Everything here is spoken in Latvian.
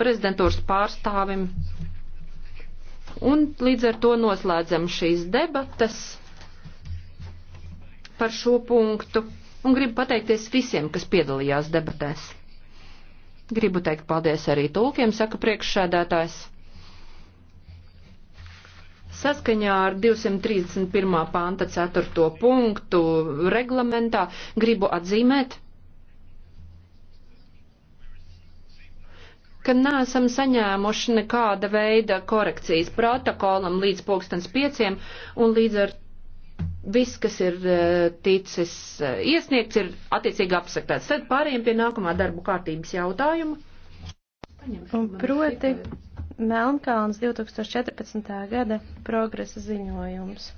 prezidentūras pārstāvim. Un līdz ar to noslēdzam šīs debatas par šo punktu un gribu pateikties visiem, kas piedalījās debatēs. Gribu teikt paldies arī tulkiem, saka priekšsēdētājs. Saskaņā ar 231. panta 4. punktu reglamentā gribu atzīmēt, ka neesam saņēmuši nekāda veida korekcijas protokolam līdz pulkstens pieciem un līdz ar viss, kas ir e, ticis e, iesniegts, ir attiecīgi apsaktēts. Tad pārējiem pie nākamā darbu kārtības jautājuma. Un proti Melnkalns 2014. gada progresa ziņojums.